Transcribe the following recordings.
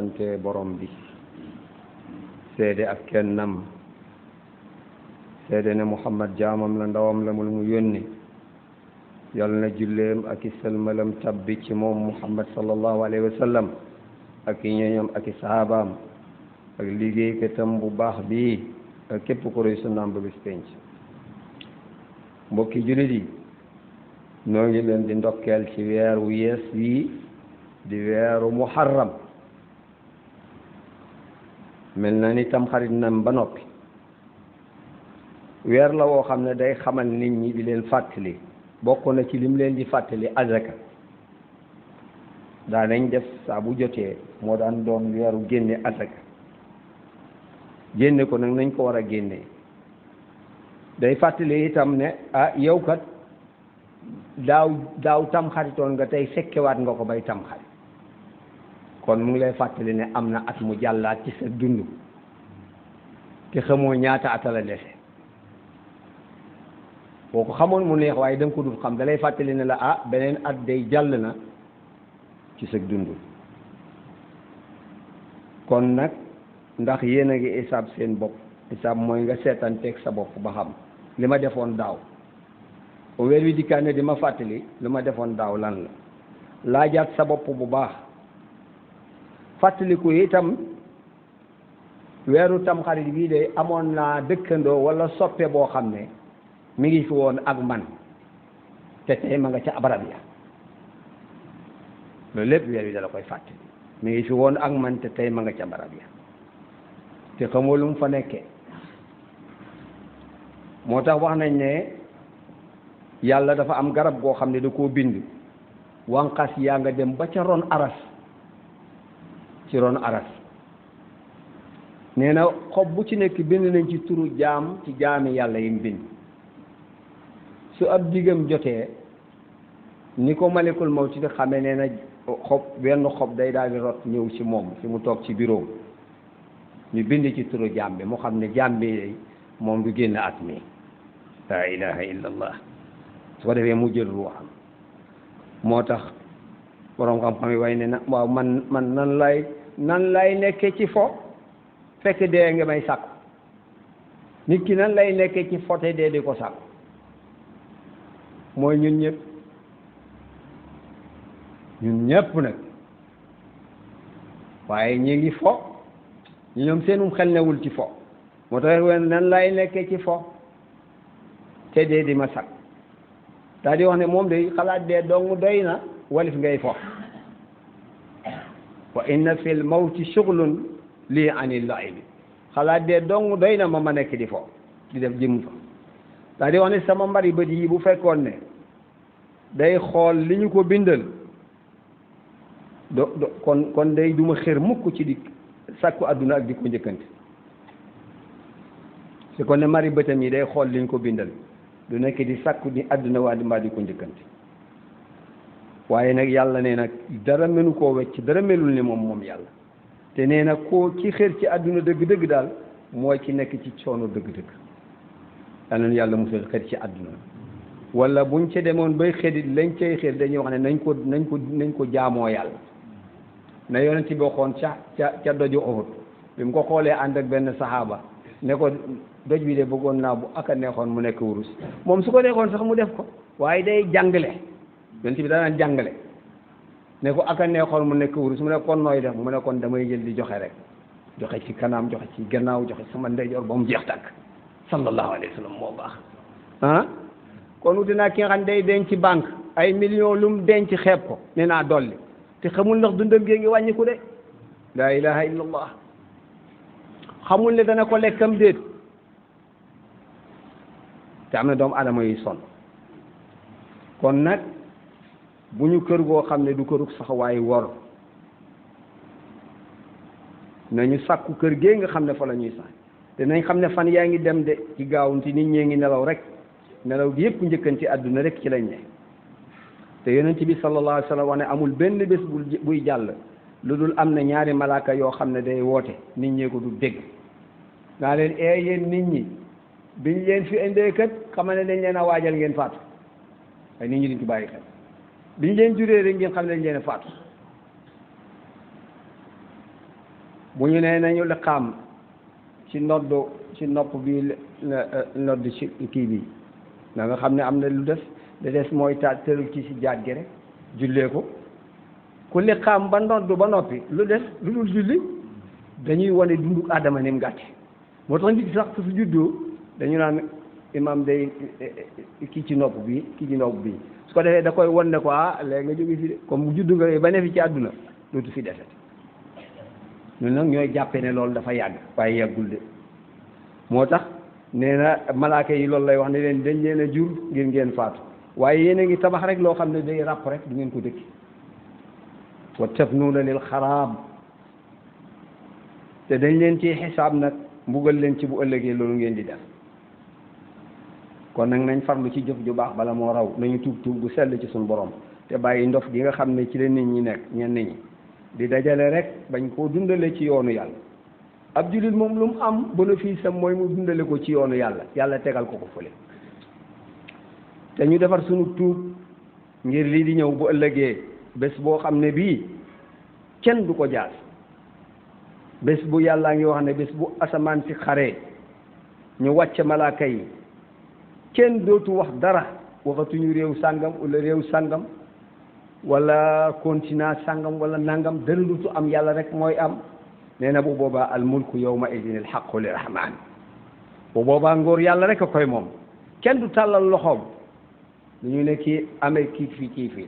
sante borom bi seede ak kennam seede na muhammad jaamam la ndawam la mu yónni yal na julleem ak i salmalam tabbi ci moom muhammad sallallahu alayhi wa sallam ak i ñoñam ak i sahabaam ak liggéeykatam bu baax bi ak képp ku roy sunnaam ba bis penc mbokki jullit yi noo ngi leen di ndokkeel ci weer wu yees wii di weeru muharram mel na ni tamxarit nam ba noppi weer la woo xam ne day xamal nit ñi di leen fàttali bokk na ci lim leen di fàttali azaka daa nañ def saa bu jotee moo daan doom weeru génne azaka génne ko nag nañ ko war a génnee day fàttali itam ne ah yow kat daaw daaw tamxaritoon nga tey sekkewaat nga ko bay tamxarit kon mu ngi lay fàttali ne am na at mu jàllaat ci sa dund te xamoo ñaata atala dese boo ko xamoon mu neex waaye da ko dul xam dalay fàttali ne la ah beneen at day jàll na ci sa dund kon nag ndax yéen a ngi isaab seen bopp isaab mooy nga seetaan teg sa bopp ba xam li ma defoon daaw weer wi dikkaane di ma fàttali li ma defoon daaw lan la laajaat sa bopp bu baax fàttaliku itam weeru tamxarit bii de amoon naa dëkkandoo walla soppe boo xam ne mu ngi fi woon ak man te tey ma nga ca barab ya loolu lépp weer wi dala koy fàttali mi ngi fi woon ak man te tey ma nga ca barab ya te xamoo lu mu fa nekkee moo tax wax nañ ne yàlla dafa am garab goo xam ne da koo bind wanqas yaa nga dem ba ca ron aras ci ron aras nee na xob bu ci nekk bind nañ ci turu jaam ci jaami yàlla yim bind su ab diggam jotee ni ko malekul mawti di xame nee na xob benn xob day daal rot ñëw ci moom fi mu toog ci bureau ñu bind ci turu jaam bi mu xam ne jaam bi moom du génn at mi laa ilaha illa su ko defee mu jël ruuxam moo tax boroom xam-xam yi way ne na waaw man man nan lay nan laay nekke ci fo fekk dee nga may sàkku nit ki nan lay nekke ci fo te dee di ko sàkku mooy ñun ñëpp ñun ñëpp nag waaye ñi ngi fo ñu ñoom seenum xel newul ci fo moo tax nan lay nekke ci fo te dee di ma sàkku daal di wax ne moom day xalaat dee dong doy na walif ngay fo wa inna fil mawti shughlan lii anil la'ibi xalaat dee dong doy na ma ma nekk di fo di def jëm fa daa di wax ne sama mbari bët yi bu fekkoon ne day xool li ñu ko bindal do do kon kon day duma xër mukk ci dikk sàkku àdduna ak di ko njëkkante su ne mari bëtam yi day xool li ñu ko bindal du nekk di sàkku di àdduna waa di mbaa di ko njëkkante waaye nag yàlla nee nag dara melu koo wecc dara melul ni moom moom yàlla te nee nag koo ci xër ci àdduna dëgg-dëgg daal mooy ci nekk ci coono dëgg-dëgg danañ yàlla musal xër ci àdduna wala buñ ca demoon bay xërit lañ cay xër dañuy wax ne nañ ko nañ ko nañ ko jaamoo yàlla na yonent bi waxoon ca ca ca doju Uhud bi mu ko xoolee ànd ak benn saxaaba ne ko doj bi de bëggoon naa bu aka neexoon mu nekk wurus moom su ko neexoon sax mu def ko waaye day jàngale yonent bi daan jàngale ne ko aka neexoon mu nekk wurus mu ne kon nooy def mu ne kon damay jël di joxe rek joxe ci kanam joxe ci gannaaw joxe sama ndeyjoor ba jeex tàkk sallallahu alayhi wa baax ah kon wuti naa ki nga xam denc banque ay million lum denc xeeb ko ne naa dolli te xamul ndax dundam gée ngi wàññiku de laa ilaha illa xamul ne dana ko lekkam déet te am na doomu adama yi sonn kon nag bu ñu kër goo xam ne du këru kërug saxawaay wor nañu sàkku kër gee nga xam ne fa ñuy sax te xam ne fan yaa ngi dem de ci gaawunti nit ñee ngi nelaw rek nelaw gi yëpp njëkkan ci àdduna rek ci lañ ne te yonent bi sallallahu alayhi wa sallam amul benn bés buy jàll lu dul am na ñaari malaaka yoo xam ne day woote nit ñee ko du dégg naa leen ee eh, yéen nit ñi biñ leen fi indee kat xamal ne dañ leen a waajal ngeen faatu ay nit ñi duñ ci bàyyi xel biñ leen juree rek ngeen xam ne leen faatu bu ñu nee nañu liqaam ci nodd ci nopp bi nodd ci kii bi na nga xam ne am na lu des da des mooy ta kii ci si jaat rek jullee ko ku liqaam ba nodd ba noppi lu des lu dul julli dañuy wane dundu aadama ni mu gàtte moo tax nit sax su juddoo dañu naan imaam day eh, eh, kii ci nopp bi kii ci nopp bi su ko defee da koy won ne ko ah léegi nga jóge fi comme juddu nga ba ne fi ci àdduna dootu fi deset ñun nag ñooy jàppee ne loolu dafa yàgg waaye yàggul de moo tax nee na malaaka yi loolu lay wax ne leen dañ leen a jur ngir ngeen faatu waaye yéen a ngi tabax rek loo xam ne day ràpp rek du ngeen ko dëkki wa tabnuuna lil xaraab te dañ leen ci xisaab nag mbugal leen ci bu ëllëgee loolu ngeen di def kon nag nañ farlu ci jëf ju baax bala moo raw nañu tuub tuub bu sell ci suñu borom te bàyyi ndox gi nga xam ne ci leen nit ñi nekk ñenn ñi di dajale rek bañ koo dundale ci yoonu yàlla ab jullit moom lu mu am bénéfice mooy mu dundale ko ci yoonu yàlla yàlla tegal ko ko fële te ñu defar suñu tuub ngir lii di ñëw bu ëllëgee bés boo xam ne bii kenn du ko jaas bés bu yàllaa ngi wax ne bés bu asamaan si xare ñu wàcc malaaka yi kenn dootu wax dara waxatuñu réew sàngam walla réew sàngam wala continent sàngam wala nangam dara dootu am yàlla rek mooy am nee na bu boobaa al mulku yawma idin al haqqu lirahman bu boobaa ngóor yàlla rek a koy moom kenn du tàllal loxoom lu ñu ne kii amee kii fii kii fii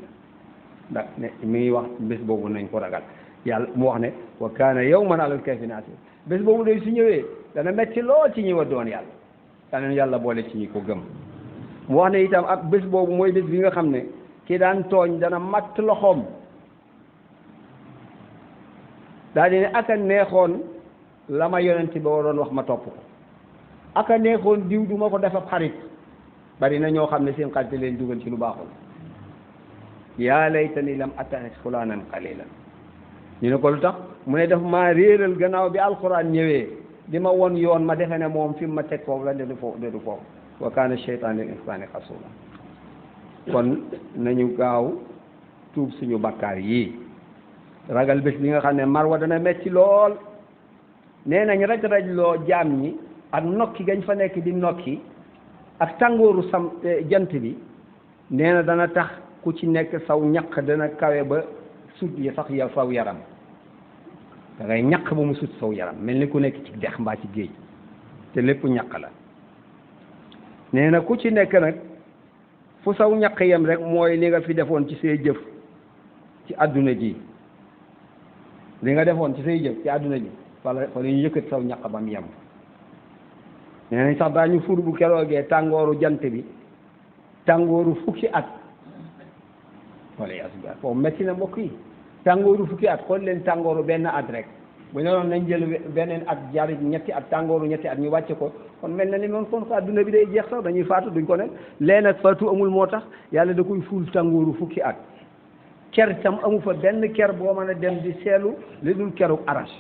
la ndax mi ngi wax bés boobu nañ ko ragal yàlla mu wax ne wa kaana yawman alal naa asiir bés boobu day su ñëwee dana metti lool ci ñi wa doon yàlla yal na yàlla boole ci ñi ko gëm mu wax ne itam ak bés boobu mooy bés bi nga xam ne ki daan tooñ dana matt loxoom daa di ne aka neexoon la ma yonent ba waroon wax ma topp ko aka neexoon diw du ko def ab xarit bari na ñoo xam ne seen xarit leen dugal ci lu baaxul yaa laytani lam attaxis fulaanan qalilan ñu ne ko lu tax mu ne daf maa réeral gannaaw bi alquran ñëwee di ma won yoon ma defe ne moom fim ma teg foofu la de du foofu de du foofu wa kaana insaani xasuula kon nañu gaaw tuub suñu bakkaar yii ragal bés bi nga xam ne marwa dana metti lool nee nañ raj raj loo jaam ñi ak nokki gañ fa nekk di nokki ak tàngooru sam eh, jant bi nee na dana tax ku ci nekk saw ñaq dana kawe ba sut yi sax ya saw yaram da ñaq ba mu sut saw yaram mel ni ku nekk ci dex mbaa ci géej te lépp ñaq la nee na ku ci nekk nag fu saw ñaq yem rek mooy li nga fi defoon ci say jëf ci àdduna ji li nga defoon ci say jëf ci wala wala ñu saw ñaq ba yem nee nañ sax daañu fur bu keroogee tàngooru jant bi tàngooru ci at wala yasubilah foofu métti na mbokk yi tàngooru fukki at xool leen tàngooru benn at rek bu ñu nañ jël beneen at jaar ñetti at tàngooru ñetti at ñu wàcce ko kon mel na ni moom kon adduna bi day jeex sax dañuy faatu duñ ko ne leen ak faatu amul moo tax yàlla da koy fuul tàngooru fukki at ker tam amu fa benn ker boo mën a dem di seelu li dul keru aras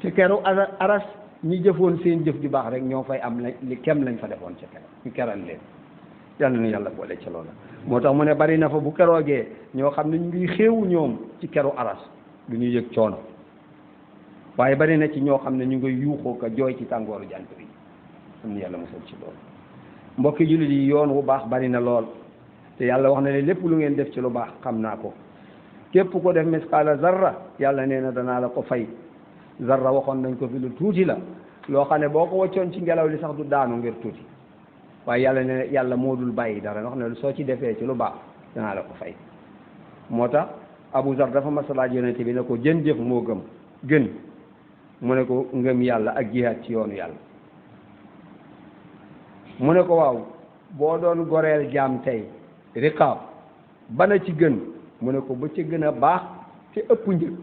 te keru aras ñi jëfoon seen jëf ju baax rek ñoo fay am li kem lañ fa defoon ca keroog ñu keral leen yal na yàlla boole ci loola moo tax mu ne bari na fa bu keroogee ñoo xam ne ñu ngi xéewu ñoom ci keru aras du ñu yëg coono waaye bari na ci ñoo xam ne ñu ngi yuuxoo ko jooy ci tàngooru jant bi am na yàlla musal ci loolu mbokki jullit yi yoon wu baax bari na lool te yàlla wax na ne lépp lu ngeen def ci lu baax xam naa ko képp ko def misqaala zarra yàlla nee na danaa la ko fay zarra waxoon nañ ko fi lu tuuti la loo xam ne boo ko waccoon ci ngelaw li sax du daanu ngir tuuti waaye yàlla ne yàlla moo dul bàyyi dara wax ne soo ci defee ci lu baax danaa la ko fay moo tax Abu Zar dafa masalaaj yonente bi na ko jën jëf moo gëm gën mu ne ko ngëm yàlla ak jihaad ci yoonu yàlla mu ne ko waaw boo doon goreel jaam tey riqaab bana ci gën mu ne ko ba ci gën a baax te ëpp njëkk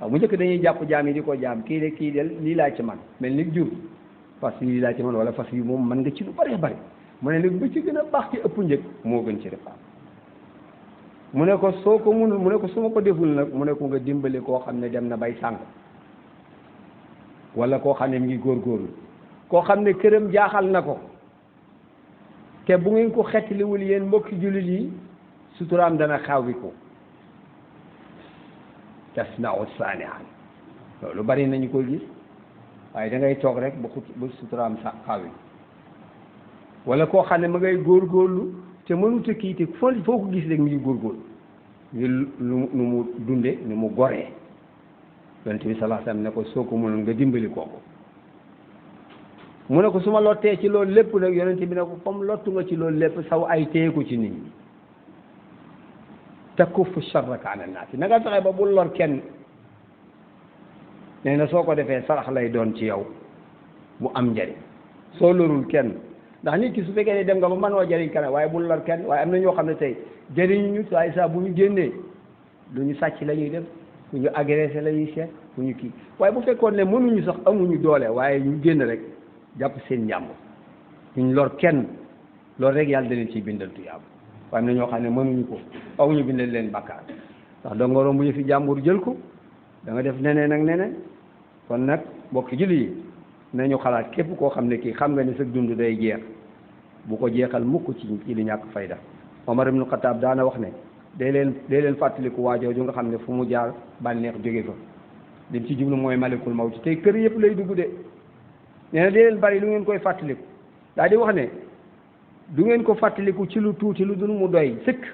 waaw mu njëkk dañuy jàpp jaam yi di ko jaam kii de kii de lii laa ci man mel ni jur fas yi laa ci mën wala fas yi moom mën nga ci lu bëree bëri mu ne nag ba ci gën a baax ci ëpp njëg moo gën ci ripaas mu ne ko soo ko munul mu ne ko su ma ko deful nag mu ne ko nga dimbale koo xam ne dem na bay sànq wala koo xam ne mi ngi góor góorgóorlu koo xam ne këram jaaxal na ko te bu ngeen ko xettaliwul yéen mbokki jullit yi suturaam dana xawwi ko tasnau saanihan loolu bari nañu ko gis waaye da ngay toog rek ba xut ba suturaam sa xawwi wala koo xam ne ma ngay góor góorgóorlu te mënuta kii te foo gis rek mi ngi góorgóorlu ngir lu nu mu dunde nu mu goree yonent bi sallallahu alayhi wasallam ne ko soo ko mënoon nga dimbali kooku mu ne ko su ma lottee ci loolu lépp nag yonent bi ne ko comme ci loolu lépp saw ay téyeku ci nit ñi takuffu sharraka ala naasi ba bul lor kenn nee na soo ko defee sarax lay doon ci yow bu am njariñ soo lorul kenn ndax nit ki su fekkee ne dem nga ba mënoo jariñ kenn waaye bul lor kenn waaye am na ñoo xam ne tey jëriñ ñu waaye saa bu ñu génnee du sàcc la def ku ñu agressé la ñuy seet ñu kii waaye bu fekkoon ne mënuñu sax amuñu doole waaye ñu génn rek jàpp seen njàmbur ñu lor kenn loolu rek yàlla da ciy bindal tuyaab waaye am na ñoo xam ne mënuñu ko aw ñu bindal leen bàkkaar ndax doo nga romb yëfi jàmbur jël ko da nga def neneen ak neneen kon nag mbokk jullit yi nañu xalaat képp koo xam ne kii xam nga ne sa dund day jeex bu ko jeexal mukk ci ci li ñàkk fayda Omar ibnu Xataab daana wax ne day leen day leen fàttaliku waajooju nga xam ne fu mu jaar bànneex jóge fa di ci jublu mooy malikul mawti te kër yëpp lay dugg de nee na day leen bari lu ngeen koy fàttaliku daa di wax ne du ngeen ko fàttaliku ci lu tuuti lu dul mu doy sëkk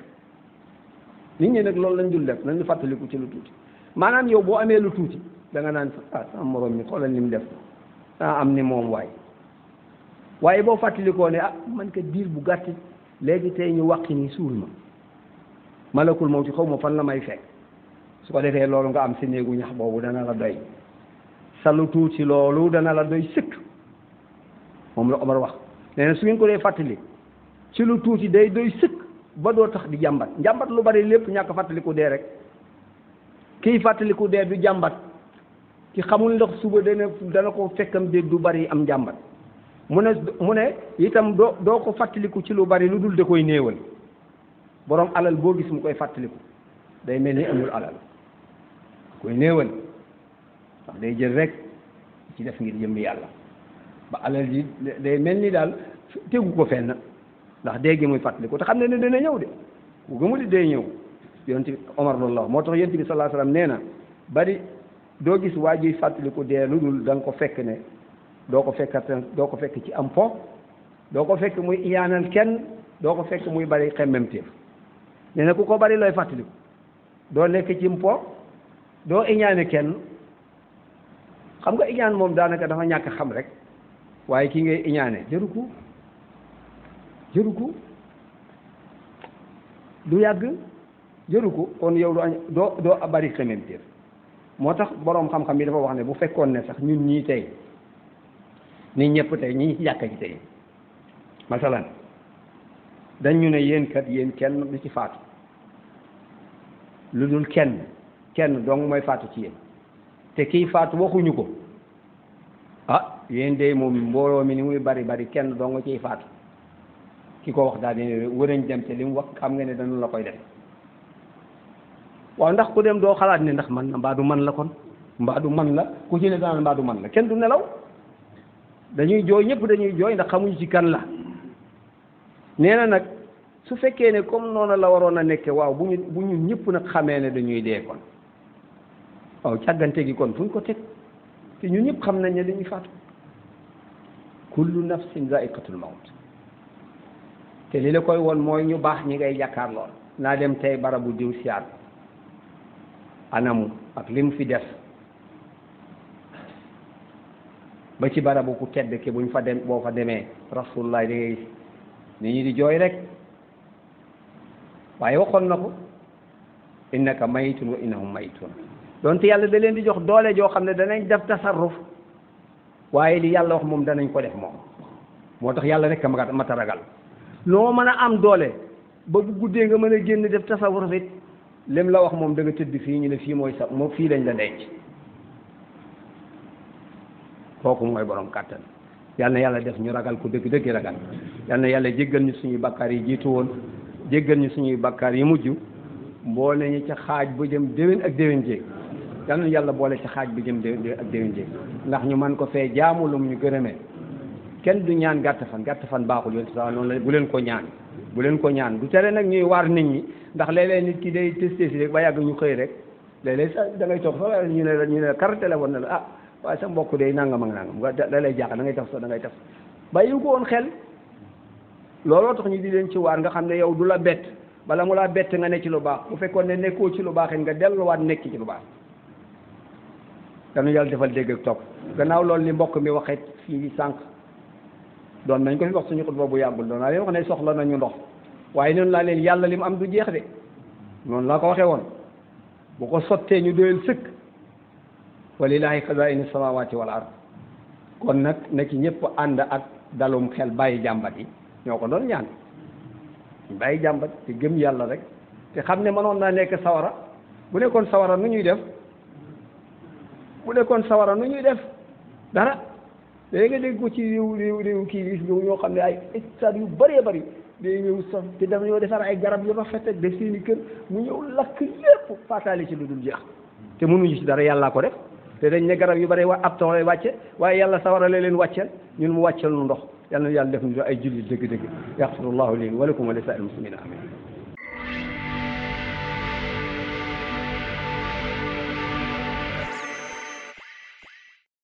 nit ñi nag loolu lañ dul def nañu fàttaliku ci lu tuuti maanaam yow boo amee lu tuuti danga naan ah sama morom mi xoolal ni mu def ah am ni moom waay waaye boo fàttalikoo ne ah man ka diir bu gàtt léegi tey ñu wàqi ni suul ma malakul mawti xaw ma fan la may fekk su ko defee loolu nga am si néegu ñax boobu dana la doy sa lu tuuti loolu dana la doy sëkk moom la Omar wax nee na su ngeen ko dee fàttali ci lu tuuti day doy sëkk ba doo tax di jàmbat njàmbat lu bari lépp ñàkk fàttaliku dee rek kiy fàttaliku dee du jàmbat ci xamul ndax suba dana dana ko fekkam déeg du bari am njàmbat mu ne mu ne itam doo doo ko fàttaliku ci lu bari lu dul da koy néewal boroom alal boo gis mu koy fàttaliku day mel ni amul alal koy néewal ndax day jël rek ci def ngir jëm yàlla ba alal day mel ni daal tegu ko fenn ndax dee gi muy fàttaliku te xam ne ne dana ñëw de ku gëmul di day ñëw yonent bi Omar la moo tax yonent bi sallallahu alayhi nee na bari doo gis waa juy fàttaliku dee lu dul da ko fekk ne doo ko fekkat doo ko fekk ci am po doo ko fekk muy iyaanal kenn doo ko fekk muy bari xemmemteef nee ku ko bari looy fàttaliku doo nekk ci mpo doo iñaane kenn xam nga iñaan moom daanaka dafa ñàkk xam rek waaye ki ngay iñaane jëru ko jëru ko du yàgg jëru ko kon yow doo bari xemmemteef moo tax boroom xam-xam yi dafa wax ne bu fekkoon ne sax ñun ñii tey ni ñëpp tey ñi ci jàkka ji tey masalan dañ ñu ne yéen kat yéen kenn du ci faatu lu dul kenn kenn dong mooy faatu ci yéen te kii faatu waxuñu ko ah yéen de moom mbooloo mi ni muy bari bari kenn dong ciy faatu ki ko wax daal di wërañ dem te li mu wax xam nga ne dañu la koy def waaw ndax ku dem doo xalaat ne ndax man mbaa du man la kon mbaa du man la ku ci ne daan mbaa du man la kenn du nelaw dañuy jooy ñépp dañuy jooy ndax xamuñu ci kan la nee na nag su fekkee ne comme noonu la waroon a nekkee waaw bu ñu bu ñu ñëpp nag xamee ne dañuy dee kon waaw càggante gi kon fu ñu ko teg te ñu ñëpp xam nañ ne dañuy faatu kullu nafsin zaiqatul mawt te li la koy woon mooy ñu baax ñi ngay jàkkaarlool naa dem tey barabu diw siyaat anamu ak li mu fi def ba ci barabu ku tedd ki buñ fa dem boo fa demee rasulullah di ni ñi di jooy rek waaye waxoon na ko innaka maytun wa innahum maytun donte yàlla da leen di jox doole joo xam ne danañ def tasarruf waaye li yàlla wax moom danañ ko def moom moo tax yàlla rek a mat a ragal def tasawur it lim la wax moom danga tëdd fii ñu ne fii mooy sax moom fii lañ la denc kooku mooy boroom kàttan yal na yàlla def ñu ragal ko dëgg dëgg ragal yal na yàlla jéggal ñu suñuy bakkaar yi jiitu woon jéggal ñu suñuy bakkaar yi mujj boole ñu ca xaaj bu jëm déwén ak déwén jéeg yal na yàlla boole ca xaaj bu jëm déwén ak déwén jéeg ndax ñu man ko fee jaamulum ñu gërëmee kenn du ñaan gàtt fan gàtt fan baaxul yoon sa noonu la bu leen ko ñaan bu leen ko ñaan du tere nag ñuy waar nit ñi ndax léeg nit ki day testé si rek ba yàgg ñu xëy rek léeg-léeg sax da ngay ñu ñu ne kar téléphone na la ah waaye sa mbokk day nangam ak nangam lay jaaxal da ngay taf da ngay taf bàyyi ko woon xel looloo tax ñu di leen ci waar nga xam ne yow du la bett bala mu laa bett nga ne ci lu baax bu fekkoon ne nekkoo ci lu baax it nga delluwaat nekk ci lu baax dañu yàlla defal dégg ak topp gannaaw loolu li mbokk mi waxee fii sànq doon nañ ko fi wax suñu xutba bu yàggul doon naa leen wax ne soxla nañu ndox waaye noonu laa leen yàlla li mu am du jeex de noonu laa ko waxee woon bu ko sottee ñu doyal sëkk walilaahi xazaa'inu samaawaati wal ard kon nag na ci ñépp ànd ak dalum xel bàyyi jàmbat yi ñoo ko doon ñaan bàyyi jàmbat te gëm yàlla rek te xam ne mënoon naa nekk sawara bu nekkoon sawara nu ñuy def bu nekkoon sawara nu ñuy def dara léegi nga dégg ko ci réew réew réew kii gis ñëw ñoo xam ne ay hectares yu bëree bëri day ñëw sax te dama ñoo defar ay garab yu rafet ak def seen i kër mu ñëw lakk lépp faataale ci lu dul jeex te mënuñu ci dara yàllaa ko def te dañ ne garab yu bëri wa ab taw lay wàcce waaye yàlla sawara la leen wàcceel ñun mu wàcceel nu ndox yàlla na yàlla def ñu ay jullit dëgg-dëgg yaxfirullahu lii wa lakum wa li saa'il muslimina amin